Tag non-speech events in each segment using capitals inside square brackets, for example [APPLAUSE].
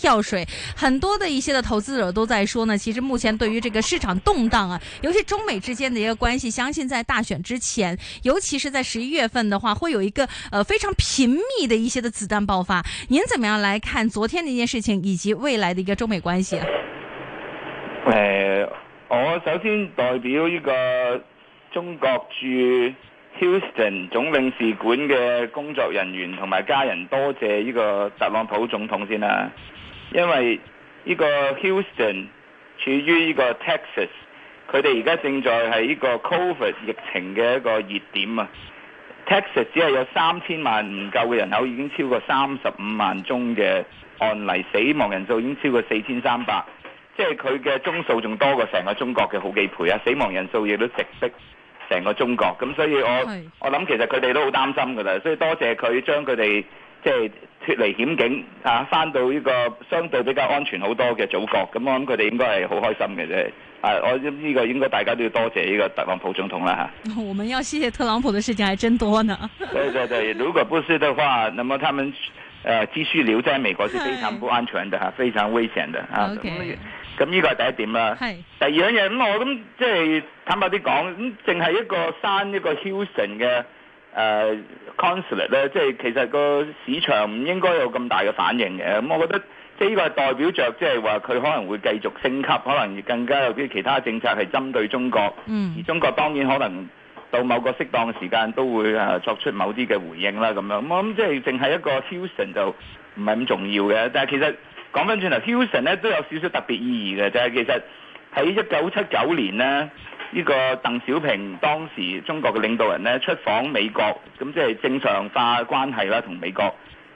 跳水，很多的一些的投資者都在說呢。其實目前對於這個市場動盪啊，尤其中美之間的一個關係，相信在大選之前，尤其是在十一月份的話，會有一個呃非常頻密的一些的子彈爆發。您怎麼樣來看昨天那件事情，以及未來的一個中美關係啊？誒、呃，我首先代表依個中國駐休斯敦總領事館嘅工作人員同埋家人，多謝依個特朗普總統先啊。因為呢個 Houston 處於呢個 Texas，佢哋而家正在係呢個 COVID 疫情嘅一個熱點啊。Texas 只係有三千萬唔夠嘅人口，已經超過三十五萬宗嘅案例死 4, 300，死亡人數已經超過四千三百，即係佢嘅宗數仲多過成個中國嘅好幾倍啊！死亡人數亦都直逼成個中國，咁所以我是我諗其實佢哋都好擔心㗎啦，所以多謝佢將佢哋即係。脫離險境嚇，翻、啊、到呢個相對比較安全好多嘅祖國，咁我諗佢哋應該係好開心嘅啫。啊，我呢個應該大家都要多謝呢個特朗普總統啦嚇。啊、我們要謝謝特朗普嘅事情，還真多呢。 [LAUGHS] 對對對，如果不是的話，那麼他們誒、呃、繼續留在美國是非常不安全的嚇，非常危險的啊。咁呢 Okay.、嗯、個係第一點啦。係。Hey. 第二樣嘢咁，我諗即係坦白啲講，咁淨係一個山，一個 Houston 嘅。誒 consulate 咧，uh, Cons ulate, 即係其實個市場唔應該有咁大嘅反應嘅，咁我覺得即係呢個係代表着，即係話佢可能會繼續升級，可能更加有啲其他政策係針對中國。嗯。而中國當然可能到某個適當嘅時間都會誒、啊、作出某啲嘅回應啦，咁樣。我諗即係淨係一個 Houston 就唔係咁重要嘅，但係其實講翻轉頭 Houston 咧都有少少特別意義嘅就啫。其實喺一九七九年咧。呢個鄧小平當時中國嘅領導人呢出訪美國，咁即係正常化關係啦同美國。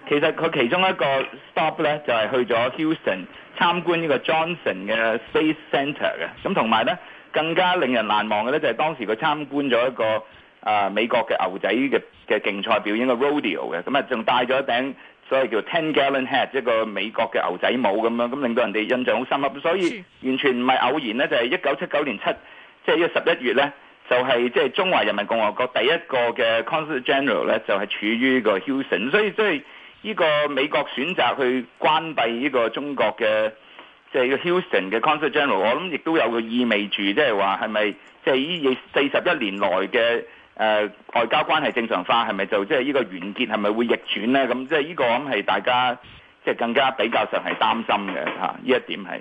其實佢其中一個 stop 呢，就係去咗 Houston 參觀呢個 Johnson 嘅 Space Center 嘅。咁同埋呢，更加令人難忘嘅呢，就係當時佢參觀咗一個、呃、一個美國嘅牛仔嘅嘅競賽表演嘅 Rodeo 嘅。咁啊仲戴咗一頂所謂叫 Ten Gallon Hat 一個美國嘅牛仔帽咁樣，咁令到人哋印象好深刻。所以完全唔係偶然呢，就係一九七九年七。即係呢個十一月咧，就係即係中華人民共和國第一個嘅 consul general 咧，就係、是、處於個 Houston，所以即係呢個美國選擇去關閉呢個中國嘅即係個 Houston 嘅 consul general，我諗亦都有個意味住，即係話係咪即係呢四十一年來嘅誒、呃、外交關係正常化係咪就即係呢個完結係咪會逆轉咧？咁即係呢個咁係大家即係、就是、更加比較上係擔心嘅嚇，呢、啊、一點係。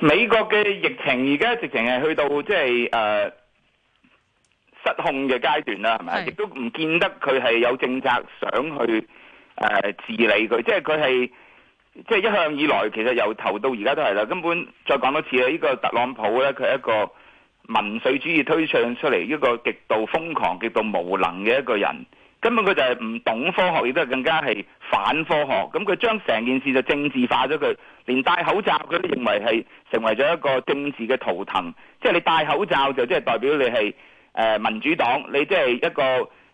美國嘅疫情而家直情係去到即係誒失控嘅階段啦，係咪？亦都唔見得佢係有政策想去誒、呃、治理佢，即係佢係即係一向以來其實由頭到而家都係啦，根本再講多次啊！呢、這個特朗普咧，佢係一個民粹主義推唱出嚟，一個極度瘋狂、極度無能嘅一個人。根本佢就係唔懂科學，亦都係更加係反科學。咁佢將成件事就政治化咗佢，連戴口罩佢都認為係成為咗一個政治嘅圖騰。即係你戴口罩就即係代表你係民主黨，你即係一個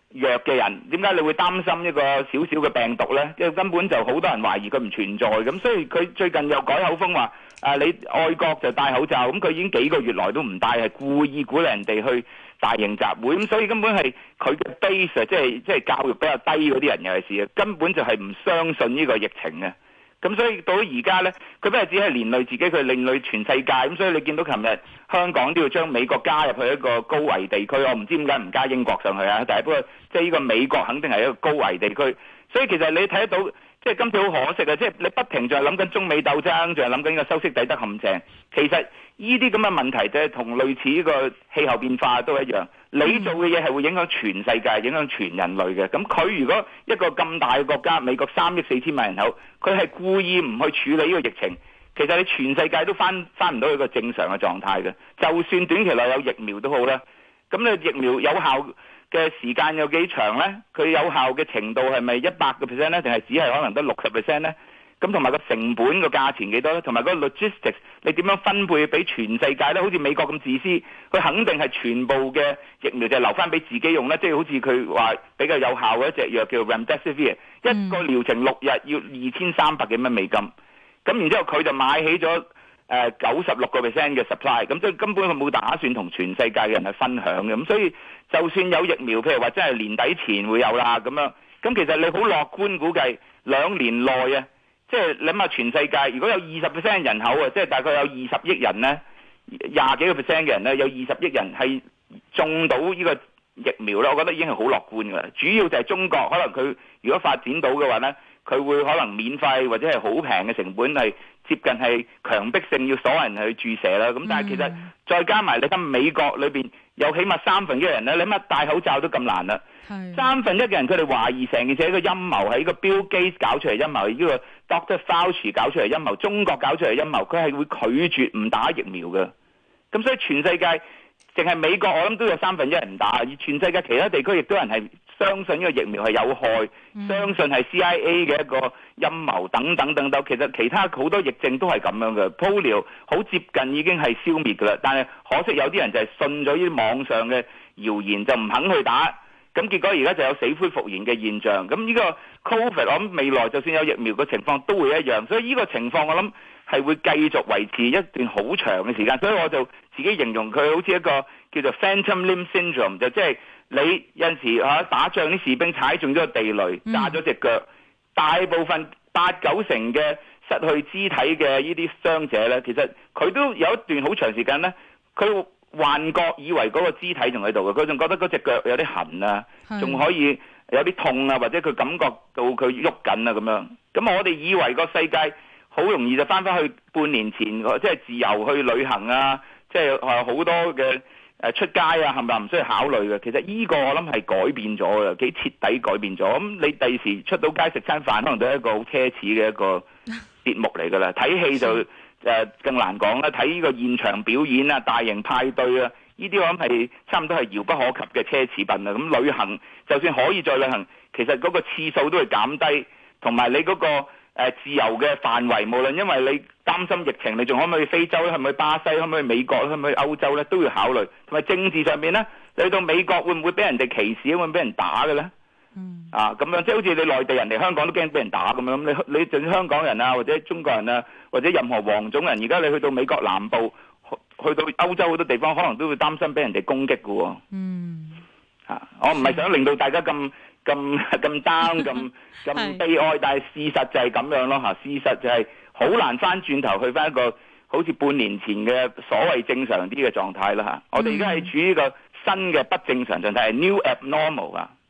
弱嘅人。點解你會擔心一個小小嘅病毒咧？因為根本就好多人懷疑佢唔存在。咁所以佢最近又改口風話：「你愛國就戴口罩，咁佢已經幾個月來都唔戴，係故意鼓勵人哋去。大型集會咁，所以根本係佢嘅 base 即係即係教育比較低嗰啲人尤其係，是根本就係唔相信呢個疫情嘅。咁所以到而家咧，佢唔係只係連累自己，佢連累全世界。咁所以你見到琴日香港都要將美國加入去一個高危地區，我唔知點解唔加英國上去啊？但係不過即係呢個美國肯定係一個高危地區，所以其實你睇得到。即係今次好可惜啊！即係你不停就係諗緊中美鬥爭，就係諗緊呢個收息抵得陷阱。其實呢啲咁嘅問題咧，就係同類似呢個氣候變化都一樣。你做嘅嘢係會影響全世界，影響全人類嘅。咁佢如果一個咁大嘅國家，美國三億四千萬人口，佢係故意唔去處理呢個疫情，其實你全世界都翻翻唔到一個正常嘅狀態嘅。就算短期內有疫苗都好啦，咁你疫苗有效嘅時間有幾長呢？佢有效嘅程度係咪一百個 percent 咧？定係只係可能得六十 percent 咧？咁同埋個成本個價錢幾多咧？同埋個 logistics 你點樣分配俾全世界咧？好似美國咁自私，佢肯定係全部嘅疫苗就留翻俾自己用啦。即係好似佢話比較有效嘅一隻藥叫做 Remdesivir，、嗯、一個療程六日要二千三百幾蚊美金，咁然之後佢就買起咗。誒九十六個 percent 嘅 supply，咁即係根本佢冇打算同全世界嘅人去分享嘅，咁所以就算有疫苗，譬如話真係年底前會有啦，咁樣，咁其實你好樂觀估計兩年內啊，即係你諗下全世界如果有二十 percent 人口啊，即係大概有二十億人咧，廿幾個 percent 嘅人咧，有二十億人係中到呢個疫苗啦，我覺得已經係好樂觀㗎，主要就係中國，可能佢如果發展到嘅話咧，佢會可能免費或者係好平嘅成本係，接近係強迫性要鎖人去注射啦，咁、嗯、但係其實再加埋你睇美國裏面有起碼三分一嘅人咧，你乜戴口罩都咁難啦。是三分一嘅人佢哋懷疑成件事係一個陰謀係呢個 Bill Gates 搞出嚟陰謀，呢個 Doctor Fauci 搞出嚟陰謀，中國搞出嚟陰謀，佢係會拒絕唔打疫苗嘅。咁所以全世界淨係美國我諗都有三分一人唔打，而全世界其他地區亦都有人係。相信呢個疫苗係有害，相信係 CIA 嘅一個陰謀等等等等。其實其他好多疫症都係咁樣嘅。Polio 好接近已經係消滅㗎啦，但係可惜有啲人就係信咗呢啲網上嘅謠言，就唔肯去打，咁結果而家就有死灰復燃嘅現象。咁呢個 COVID，我諗未來就算有疫苗嘅情況都會一樣，所以呢個情況我諗係會繼續維持一段好長嘅時間。所以我就自己形容佢好似一個叫做 Phantom Limb Syndrome，就即係。你有時打仗啲士兵踩中咗個地雷，打咗隻腳。嗯、大部分八九成嘅失去肢體嘅呢啲傷者咧，其實佢都有一段好長時間咧，佢幻覺以為嗰個肢體仲喺度嘅，佢仲覺得嗰隻腳有啲痕啊，仲的可以有啲痛啊，或者佢感覺到佢喐緊啊咁樣。咁我哋以為個世界好容易就翻返去半年前，即係自由去旅行啊，即係好多嘅。誒出街啊，係咪唔需要考慮嘅。其實呢個我諗係改變咗嘅，幾徹底改變咗。咁你第時出到街食餐飯，可能都係一個好奢侈嘅一個節目嚟㗎啦。睇戲就誒更難講啦。睇呢個現場表演啊，大型派對啊，呢啲我諗係差唔多係遙不可及嘅奢侈品啦。咁旅行就算可以再旅行，其實嗰個次數都係減低，同埋你嗰個。誒自由嘅範圍，無論因為你擔心疫情，你仲可唔可以去非洲咧？係咪去巴西？可唔可以去美國？可唔可以去歐洲咧？都要考慮。同埋政治上面，咧，你去到美國會唔會俾人哋歧視？會唔會俾人打嘅咧？嗯啊，咁樣即係好似你內地人嚟香港都驚俾人打咁樣。你你就算香港人啊，或者中國人啊，或者任何黃種人，而家你去到美國南部去到歐洲好多地方，可能都會擔心俾人哋攻擊㗎喎、啊。嗯、啊、我唔係想令到大家咁。咁咁 down 咁咁悲哀， [LAUGHS] 但係事實就係咁樣咯吓，事實就係好難翻轉頭去翻一個好似半年前嘅所謂正常啲嘅狀態啦吓，我哋而家係處於一個新嘅不正常狀態，係 new abnormal 啊！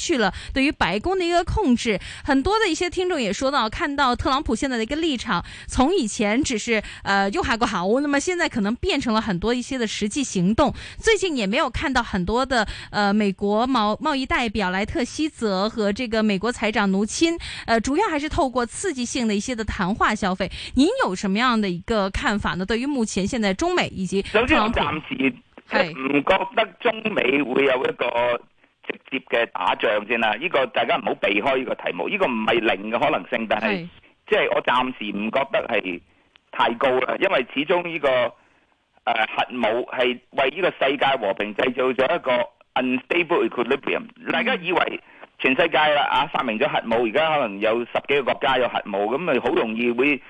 去了對於白宮的一個控制，很多的一些聽眾也說到，看到特朗普現在的一個立場，從以前只是呃又喊口號，那麼現在可能變成了很多一些的實際行動。最近也沒有看到很多的呃美國貿貿易代表萊特希澤和這個美國財長努欽，呃，主要還是透過刺激性的一些的談話消費。您有什麼樣的一個看法呢？對於目前現在中美以及特朗普，我暫時係唔是覺得中美會有一個。直接嘅打仗先啦，呢、這個大家唔好避開呢個題目。呢、這個唔係零嘅可能性，但係是即係我暫時唔覺得係太高啦。因為始終呢、這個誒、呃、核武係為呢個世界和平製造咗一個 unstable equilibrium。嗯、大家以為全世界啦啊發明咗核武，而家可能有十幾個國家有核武，咁咪好容易會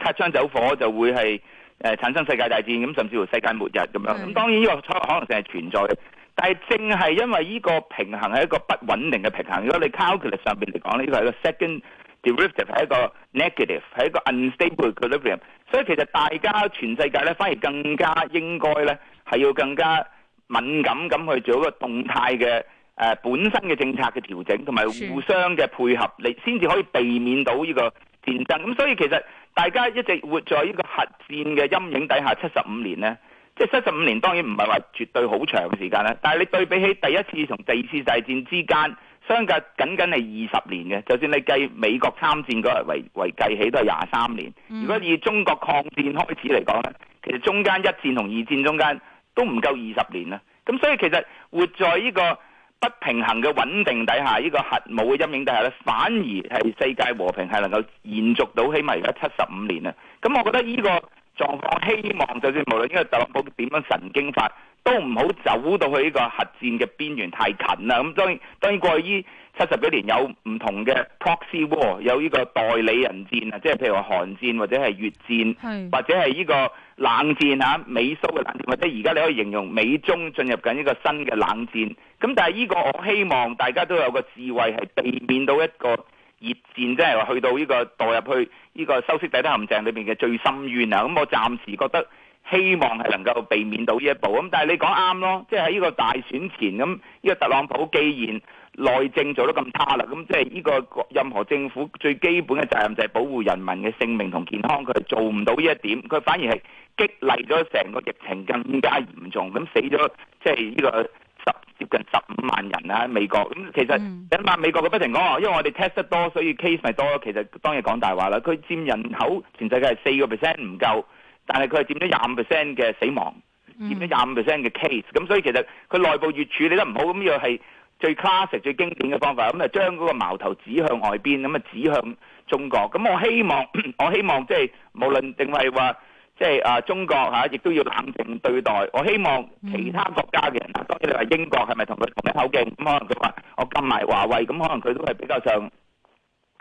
擦槍走火，就會係誒、呃、產生世界大戰，咁甚至乎世界末日咁樣。咁是當然呢個可能性係存在嘅。但正係因為呢個平衡係一個不穩定嘅平衡，如果你 calculate 上邊嚟講呢，呢個係一個 second derivative 係一個 negative，係一個 unstable equilibrium。所以其實大家全世界咧反而更加應該咧係要更加敏感咁去做一個動態嘅、呃、本身嘅政策嘅調整，同埋互相嘅配合，你先至可以避免到呢個戰爭。咁所以其實大家一直活在呢個核戰嘅陰影底下七十五年咧。即係七十五年當然唔係話絕對好長嘅時間啦，但係你對比起第一次同第二次大戰之間，相隔僅僅係二十年嘅，就算你計美國參戰嗰日為為計起都係廿三年。如果以中國抗戰開始嚟講咧，其實中間一戰同二戰中間都唔夠二十年啦。咁所以其實活在呢個不平衡嘅穩定底下，呢個核武嘅陰影底下咧，反而係世界和平係能夠延續到起碼而家七十五年啦。咁我覺得呢個。狀況希望就算無論呢個特朗普點樣神經法，都唔好走到去呢個核戰嘅邊緣太近啦。咁當然當然過去呢七十幾年有唔同嘅 proxy war，有呢個代理人戰啊，即係譬如話韓戰或者係越戰，或者係呢是個冷戰啊，美蘇嘅冷戰，或者而家你可以形容美中進入緊呢個新嘅冷戰。咁但係呢個，我希望大家都有個智慧係避免到一個。熱戰即係話去到呢個墮入去呢個修昔底德陷阱裏邊嘅最深淵啊！咁我暫時覺得希望係能夠避免到呢一步。咁但係你講啱咯，即係喺呢個大選前，咁呢個特朗普既然內政做得咁差啦，咁即係呢個任何政府最基本嘅責任就係保護人民嘅性命同健康，佢係做唔到呢一點，佢反而係激勵咗成個疫情更加嚴重，咁死咗即係呢個。十接近十五萬人啊，喺美國咁其實一百、嗯、美國佢不停講，因為我哋 test 得多，所以 case 咪多。其實當然講大話啦，佢佔人口全世界係四個 percent 唔夠，但係佢係佔咗廿五 percent 嘅死亡，佔咗廿五 percent 嘅 case、嗯。咁所以其實佢內部越處理得唔好，咁呢個係最 classic 最經典嘅方法。咁就將嗰個矛頭指向外邊，咁啊指向中國。咁我希望我希望即、就、係、是、無論定係話。即係啊，中國嚇、啊、亦都要冷靜對待。我希望其他國家嘅人啊，嗯、當然你話英國係咪同佢同一口徑？咁、嗯、可能佢話我禁埋華為，咁、嗯、可能佢都係比較想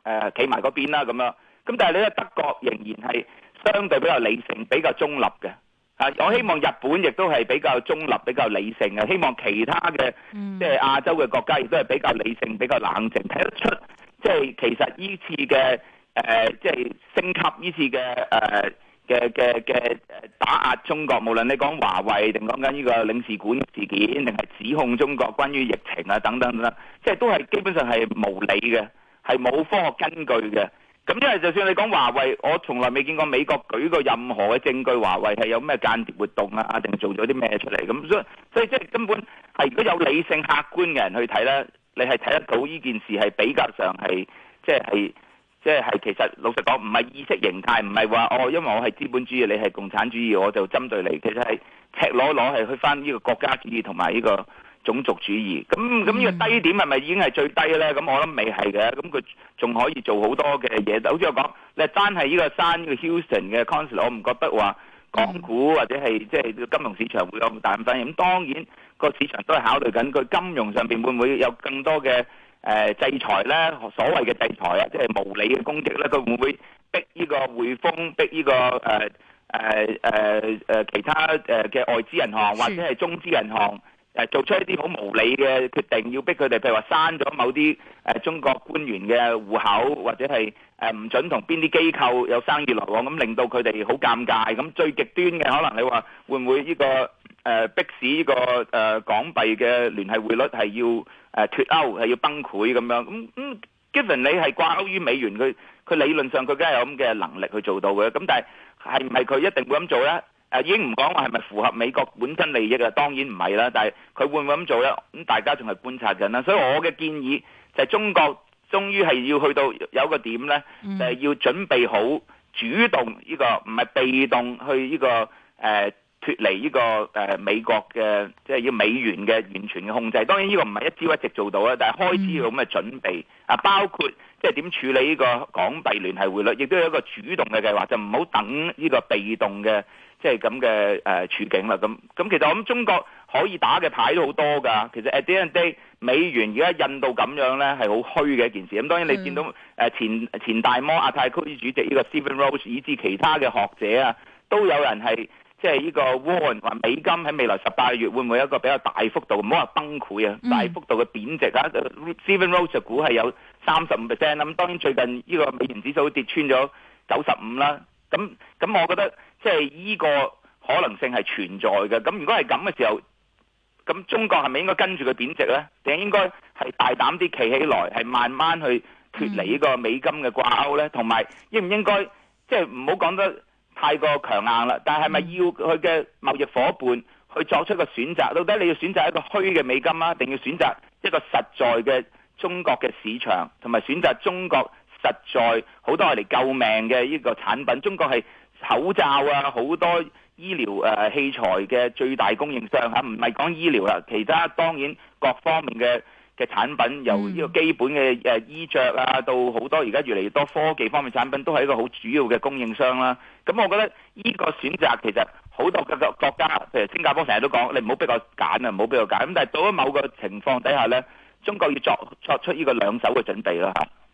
誒企埋嗰邊啦。咁樣咁，但係你咧德國仍然係相對比較理性、比較中立嘅。啊，我希望日本亦都係比較中立、比較理性嘅。希望其他嘅即係亞洲嘅國家亦都係比較理性、比較冷靜，睇得出即係、就是、其實呢次嘅誒，即、呃、係、就是、升級呢次嘅誒。呃嘅嘅嘅打壓中國，無論你講華為定講緊呢個領事館事件，定係指控中國關於疫情啊等等啦，即係都係基本上係無理嘅，係冇科學根據嘅。咁因為就算你講華為，我從來未見過美國舉過任何嘅證據，華為係有咩間諜活動啊，定係做咗啲咩出嚟？咁所以所以即係根本係如果有理性客觀嘅人去睇咧，你係睇得到呢件事係比較上係即係。就是是即係其實老實講，唔係意識形態，唔係話哦，因為我係資本主義，你係共產主義，我就針對你。其實係赤裸裸係去翻呢個國家主義同埋呢個種族主義。咁咁呢個低點係咪已經係最低咧？咁我諗未係嘅，咁佢仲可以做好多嘅嘢。就好似我講，你單係呢個山呢個 Houston 嘅 consulate，我唔覺得話港股或者係即係金融市場會有咁大反彈。咁當然個市場都係考慮緊佢金融上面會唔會有更多嘅。誒，制裁咧，所謂嘅制裁啊，即係無理嘅攻擊咧，佢會唔會逼呢個匯豐，逼呢個誒誒誒誒其他誒嘅外資銀行或者係中資銀行？誒做出一啲好無理嘅決定，要逼佢哋，譬如話刪咗某啲誒中國官員嘅戶口，或者係誒唔準同邊啲機構有生意來往，咁令到佢哋好尷尬。咁最極端嘅可能你話會唔會呢個誒逼使呢個誒港幣嘅聯繫匯率係要誒脱歐係要崩潰咁樣？咁咁，given 你係掛鈎於美元，佢佢理論上佢梗係有咁嘅能力去做到嘅。咁但係係唔係佢一定會咁做咧？誒、啊、已經唔講話係咪符合美國本身利益啦，當然唔係啦。但係佢會唔會咁做咧？咁大家仲係觀察緊啦。所以我嘅建議就係中國終於係要去到有一個點咧，就係、要準備好主動呢、呢個，唔係被動去呢、呢個誒。呃脱離呢個誒美國嘅，即係要美元嘅完全嘅控制。當然呢個唔係一朝一夕做到啦，但係開始要咁嘅準備啊，mm. 包括即係點處理呢個港幣聯繫匯率，亦都有一個主動嘅計劃，就唔好等呢個被動嘅，即係咁嘅誒處境啦。咁咁其實我諗中國可以打嘅牌都好多㗎。其實 at the end of the day 美元而家印到咁樣咧係好虛嘅一件事。咁當然你見到誒前、mm. 前大摩亞太區主席呢個 Stephen Roach 以至其他嘅學者啊，都有人係。即係呢個 warn、oh、r 話美金喺未來十八月會唔會有一個比較大幅度，唔好話崩潰啊，大幅度嘅貶值啊，Seven、mm. t Roses 股係有三十五 percent 咁當然最近呢個美元指數跌穿咗九十五啦。咁咁我覺得即係依個可能性係存在嘅。咁如果係咁嘅時候，咁中國係咪應該跟住佢貶值咧？定應該係大膽啲企起來，係慢慢去脱離呢個美金嘅掛鈎咧？同埋、mm. 應唔應該即係唔好講得太過強硬啦，但係咪要佢嘅貿易伙伴去作出一個選擇？到底你要選擇一個虛嘅美金啊，定要選擇一個實在嘅中國嘅市場，同埋選擇中國實在好多係嚟救命嘅呢個產品？中國係口罩啊，好多醫療誒器材嘅最大供應商嚇，唔係講醫療啦，其他當然各方面嘅。嘅產品由呢個基本嘅誒衣着啊，到好多而家越嚟越多科技方面產品，都係一個好主要嘅供應商啦、啊。咁我覺得呢個選擇其實好多個個國家，譬如新加坡成日都講，你唔好逼我揀啊，唔好逼我揀。咁但係到咗某個情況底下呢，中國要作作出呢個兩手嘅準備啦，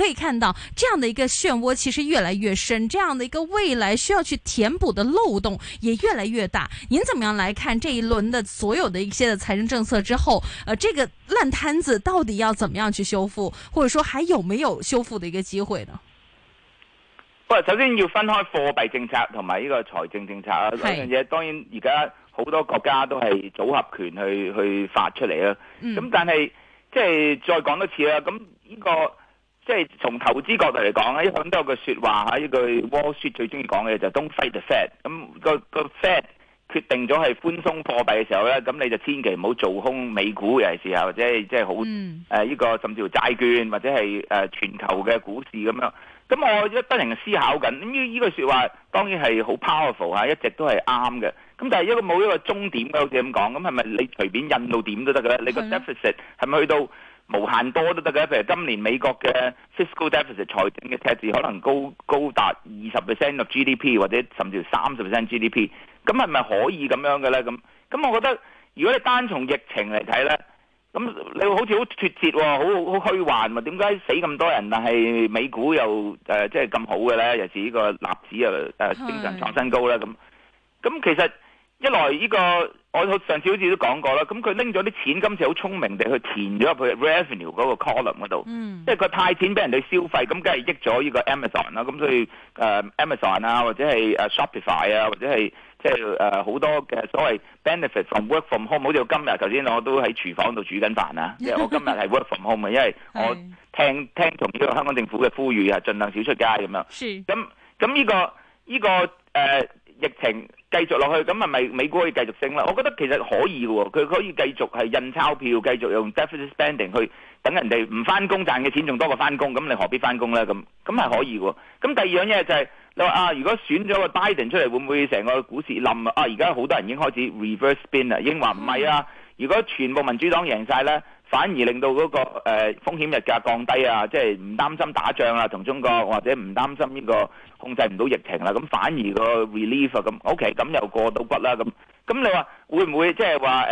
可以看到這樣的一個漩渦其實越來越深，這樣的一個未來需要去填補的漏洞也越來越大。您怎麼樣來看這一輪的所有的一些的財政政策之後，呃，這個爛攤子到底要怎麼樣去修復，或者說還有沒有修復的一個機會呢？不過首先要分開貨幣政策同埋呢個財政政策啊。兩樣嘢，當然而家好多國家都係組合拳去去發出嚟啦。咁、嗯、但係即係再講多次啦，咁呢個。即係從投資角度嚟講咧，一般都有句說話吓，呢句 Wall Street 最中意講嘅就係 Don't fight the Fed。咁、嗰個、嗰個 Fed 決定咗係寬鬆貨幣嘅時候咧，咁你就千祈唔好做空美股嘅時候，或者即係好誒呢個甚至乎債券或者係誒、呃、全球嘅股市咁樣。咁我一得人思考緊，咁呢呢句說話當然係好 powerful 吓，一直都係啱嘅。咁但係一個冇一個終點好似咁講，咁係咪你隨便印到點都得嘅咧？你個 deficit 係咪的去到？無限多都得嘅，譬如今年美國嘅 fiscal deficit 財政嘅赤字可能高高達二十 percent of GDP 或者甚至三十 percent GDP，咁係咪可以咁樣嘅咧？咁咁我覺得如果你單從疫情嚟睇咧，咁你好似好脫節喎、哦，好好虛幻嘛？點解死咁多人，但係美股又誒即係咁好嘅咧？尤其是呢個納指又誒升上創新高咧？咁咁其實。一來呢、呢個，我上次好似都講過啦，咁佢拎咗啲錢，今次好聰明地去填咗入去 revenue 嗰個 column 嗰度，嗯、即係佢派錢俾人哋消費，咁梗係益咗呢個 Amazon 啦，咁所以誒、呃、Amazon 啊，或者係、啊、Shopify 啊，或者係即係誒好多嘅所謂 benefit from work from home，好似我今日頭先我都喺廚房度煮緊飯啊， [LAUGHS] 即係我今日係 work from home，因為我聽是聽同呢個香港政府嘅呼籲啊，盡量少出街咁樣，咁咁呢個呢、呢個誒、呃、疫情。繼續落去，咁咪咪美股可以繼續升啦。我覺得其實可以喎，佢可以繼續係印鈔票，繼續用 deficit spending 去等人哋唔翻工賺嘅錢仲多過翻工，咁你何必翻工呢？咁咁係可以喎。咁第二樣嘢就係、是、你話啊，如果選咗個 Biden 出嚟，會唔會成個股市冧啊？而家好多人已經開始 reverse spin 啦，已經話唔係啊。如果全部民主黨贏晒呢，反而令到嗰、那個風、呃、風險日價降低啊，即係唔擔心打仗啊，同中國或者唔擔心呢個控制唔到疫情啦、啊。咁反而個 relief 啊，咁，OK，咁又過到骨啦咁。咁你話會唔會即係話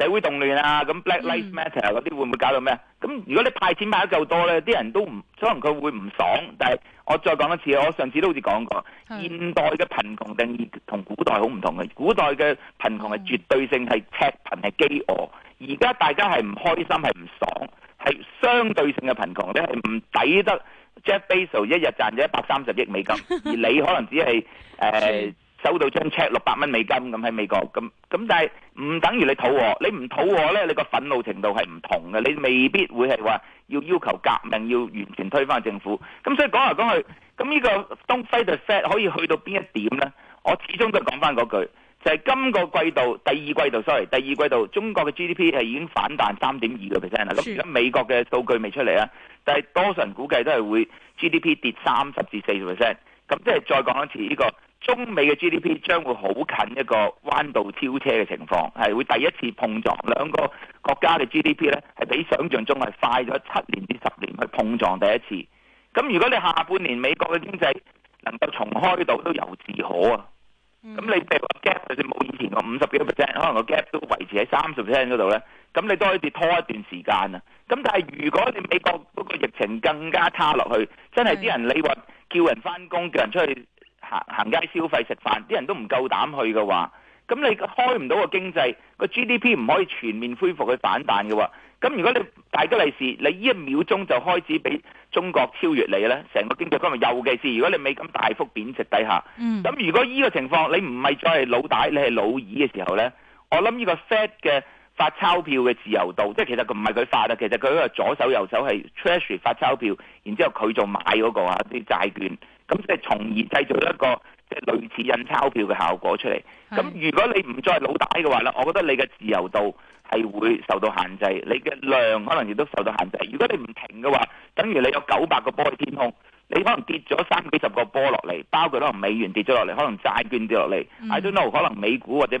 社會動亂啊？咁 Black Lives Matter 嗰啲會唔會搞到咩？咁、mm. 如果你派錢派得夠多咧，啲人都唔可能佢會唔爽。但係我再講一次，我上次都好似講過，mm. 現代嘅貧窮定義同古代好唔同嘅。古代嘅貧窮係絕對性係、mm. 赤貧係饑餓。而家大家係唔開心，係唔爽，係相對性嘅貧窮，咧係唔抵得 Jeff Bezos 一日賺咗一百三十億美金，而你可能只係誒、呃、收到一張 check 六百蚊美金咁喺美國咁，咁但係唔等於你肚餓，你唔肚餓咧，你個憤怒程度係唔同嘅，你未必會係話要要求革命，要完全推翻政府。咁所以講嚟講去，咁呢個東西方嘅差可以去到邊一點咧？我始終都係講翻嗰句。就係今個季度、第二季度，sorry，第二季度，中國嘅 GDP 係已經反彈三點二個 percent 啦。咁而家美國嘅數據未出嚟啊，但係多數人估計都係會 GDP 跌三十至四十 percent。咁即係再講一次，呢、這個中美嘅 GDP 將會好近一個彎道超車嘅情況，係會第一次碰撞兩個國家嘅 GDP 咧，係比想象中係快咗七年至十年去碰撞第一次。咁如果你下半年美國嘅經濟能夠重開到，都由自可啊。咁、嗯、你譬如話 gap，就算冇以前個五十幾 percent，可能個 gap 都維持喺三十 percent 嗰度咧，咁你都可以跌拖一段時間啊。咁但係如果你美國嗰個疫情更加差落去，真係啲人你話叫人翻工，叫人出去行行街消費食飯，啲人都唔夠膽去嘅話。咁你開唔到個經濟，個 GDP 唔可以全面恢復佢反彈嘅喎。咁如果你大吉利是，你呢一秒鐘就開始俾中國超越你咧，成個經濟今日又嘅事。如果你美金大幅貶值底下，咁如果呢個情況你唔係再係老大，你係老二嘅時候咧，我諗呢個 Fed 嘅發鈔票嘅自由度，即係其實佢唔係佢發啊，其實佢喺度左手右手係 Treasury 發鈔票，然之後佢就買嗰、那個啊啲債券，咁即係從而製造一個。即係類似印鈔票嘅效果出嚟，咁如果你唔再係老大嘅話咧，我覺得你嘅自由度係會受到限制，你嘅量可能亦都受到限制。如果你唔停嘅話，等於你有九百個波嘅天空，你可能跌咗三幾十個波落嚟，包括可能美元跌咗落嚟，可能債券跌落嚟、mm.，I don't know，可能美股或者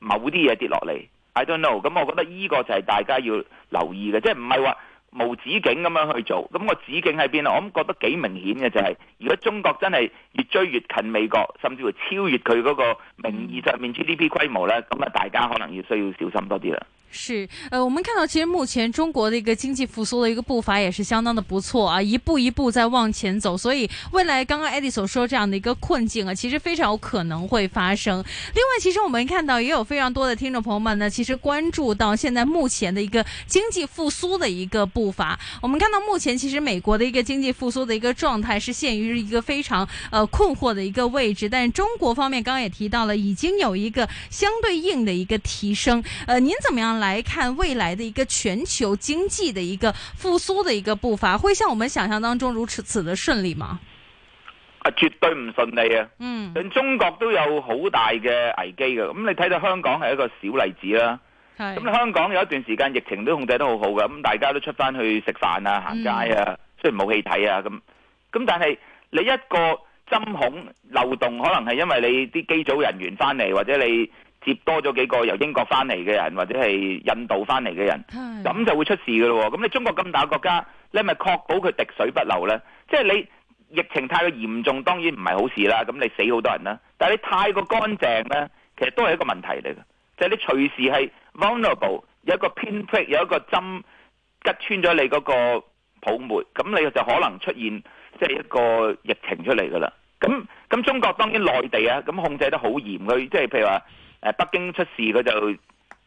某啲嘢跌落嚟，I don't know。咁我覺得呢個就係大家要留意嘅，即係唔係話。無止境咁樣去做，咁個止境喺邊啊？我諗覺得幾明顯嘅就係，如果中國真係越追越近美國，甚至乎超越佢嗰個名義上面 GDP 規模呢，咁啊大家可能要需要小心多啲啦。是，呃，我們看到其實目前中國的一個經濟復甦的一個步伐也是相當的不錯啊，一步一步在往前走。所以未來剛剛 Eddie 所說這樣的一個困境啊，其實非常有可能會發生。另外，其實我們看到也有非常多的聽眾朋友們呢，其實關注到現在目前的一個經濟復蘇的一個步伐。我們看到目前其實美國的一個經濟復蘇的一個狀態是陷於一個非常呃困惑的一個位置，但是中國方面剛剛也提到了已經有一個相對應的一個提升。呃，您怎麼樣來？來看未來的一個全球經濟的一個復甦的一個步伐，會像我們想象當中如此此的順利嗎？啊，絕對唔順利啊！嗯，連中國都有好大嘅危機噶。咁你睇到香港係一個小例子啦。咁是香港有一段時間疫情都控制得好好噶，咁大家都出翻去食飯啊、行街啊，嗯、雖然冇戲睇啊。咁咁但係你一個針孔漏洞，可能係因為你啲機組人員翻嚟，或者你。接多咗幾個由英國翻嚟嘅人，或者係印度翻嚟嘅人，咁的就會出事嘅咯。咁你中國咁大個國家，你咪確保佢滴水不漏呢？即係你疫情太過嚴重，當然唔係好事啦。咁你死好多人啦。但你太過乾淨呢，其實都係一個問題嚟嘅。即係你隨時係 vulnerable，有一個 pin prick，有一個針拮穿咗你嗰個泡沫，咁你就可能出現即係一個疫情出嚟嘅啦。咁咁中國當然內地啊，咁控制得好嚴，佢即係譬如話誒，北京出事，佢就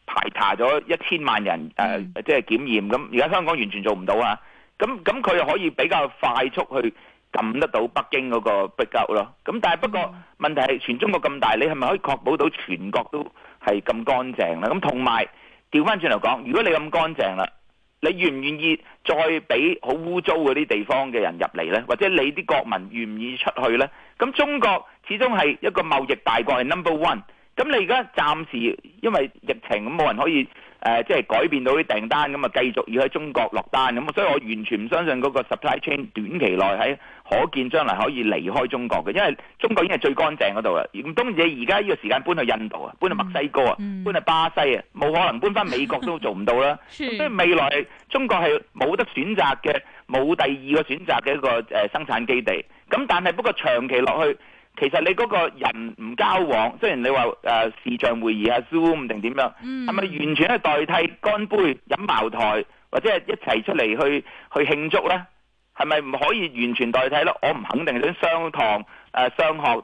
排查咗一千萬人誒，即係檢驗。咁而家香港完全做唔到啊！咁咁佢又可以比較快速去撳得到北京嗰個不夠咯。咁但係不過問題係全中國咁大，你係咪可以確保到全國都係咁乾淨咧？咁同埋調翻轉頭講，如果你咁乾淨啦，你願唔願意再俾好污糟嗰啲地方嘅人入嚟咧？或者你啲國民願意出去咧？咁中國始終係一個貿易大國，係 number one。咁你而家暫時因為疫情咁冇人可以、呃、即係改變到啲訂單咁啊，繼續要喺中國落單咁，所以我完全唔相信嗰個 supply chain 短期內喺可見將來可以離開中國嘅，因為中國已經係最乾淨嗰度啦。咁當然你而家呢個時間搬去印度啊，搬去墨西哥啊，嗯、搬去巴西啊，冇可能搬翻美國都做唔到啦。咁 [LAUGHS] 是所以未來中國係冇得選擇嘅，冇第二個選擇嘅一個生產基地。咁但係不過長期落去。其實你嗰個人唔交往，雖然你話誒、啊、視像會議啊 Zoom 唔定點樣，係咪、嗯、完全係代替乾杯飲茅台或者係一齊出嚟去去慶祝呢？係咪唔可以完全代替咧？我唔肯定。想上堂誒上、啊、學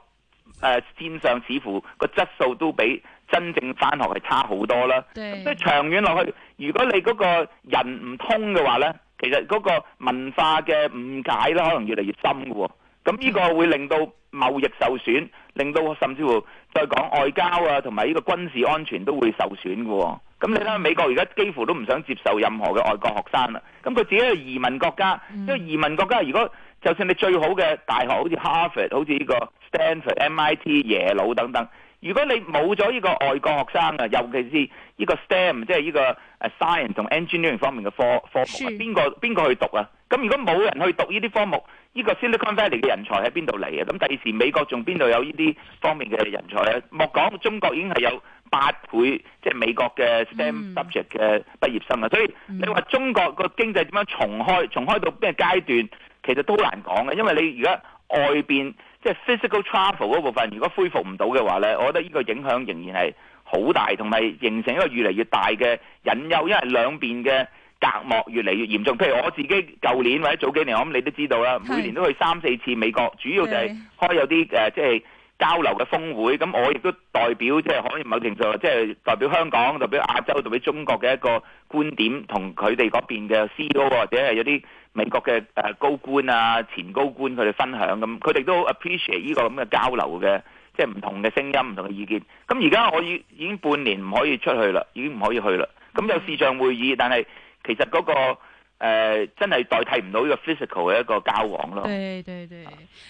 誒線、啊、上似乎個質素都比真正返學係差好多啦。即係對長遠落去，如果你嗰個人唔通嘅話呢，其實嗰個文化嘅誤解咧，可能越嚟越深嘅喎、哦。咁呢個會令到貿易受損，令到甚至乎再講外交啊，同埋呢個軍事安全都會受損喎。咁你睇下美國而家幾乎都唔想接受任何嘅外國學生啦。咁佢自己係移民國家，即移民國家，如果就算你最好嘅大學，好似 Harvard、好似呢個 Stanford、MIT、耶魯等等。如果你冇咗呢個外國學生啊，尤其是呢個 STEM 即係呢個 science 同 engineering 方面嘅科科目，邊個邊個去讀啊？咁如果冇人去讀呢啲科目，呢、這個 Silicon Valley 嘅人才喺邊度嚟啊？咁第二時美國仲邊度有呢啲方面嘅人才啊？莫講中國已經係有八倍即係、就是、美國嘅 STEM subject 嘅畢業生啊！所以你話中國個經濟點樣重開？重開到咩個階段其實都難講嘅，因為你而家外邊。即係 physical travel 嗰部分，如果恢復唔到嘅話咧，我覺得呢個影響仍然係好大，同埋形成一個越嚟越大嘅隱憂，因為兩邊嘅隔膜越嚟越嚴重。譬如我自己舊年或者早幾年，我諗你都知道啦，每年都去三四次美國，主要就係開有啲誒，即係。的交流嘅峰會，咁我亦都代表即係可以某程度即係代表香港，代表亞洲，代表中國嘅一個觀點，同佢哋嗰邊嘅 CEO 或者係有啲美國嘅誒高官啊、前高官佢哋分享咁，佢哋都 appreciate 呢個咁嘅交流嘅，即係唔同嘅聲音、唔同嘅意見。咁而家我已已經半年唔可以出去啦，已經唔可以去啦。咁有視像會議，但係其實嗰個。呃，真係代替唔到一個 physical 嘅一個交往咯。對對對，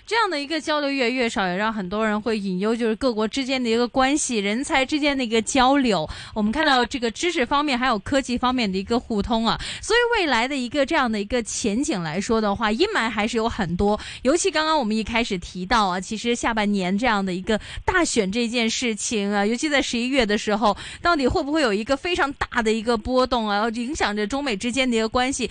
這樣的一個交流，越來越少，也讓很多人會隱憂，就是各國之間的一個關係，人才之間的一個交流。我們看到這個知識方面，還有科技方面的一個互通啊。所以未來的一個這樣的，一個前景來說的話，陰霾還是有很多。尤其剛剛我們一開始提到啊，其實下半年這樣的，一個大選這件事情啊，尤其在十一月的時候，到底會不會有一個非常大的一個波動啊，影響着中美之間的一個關係？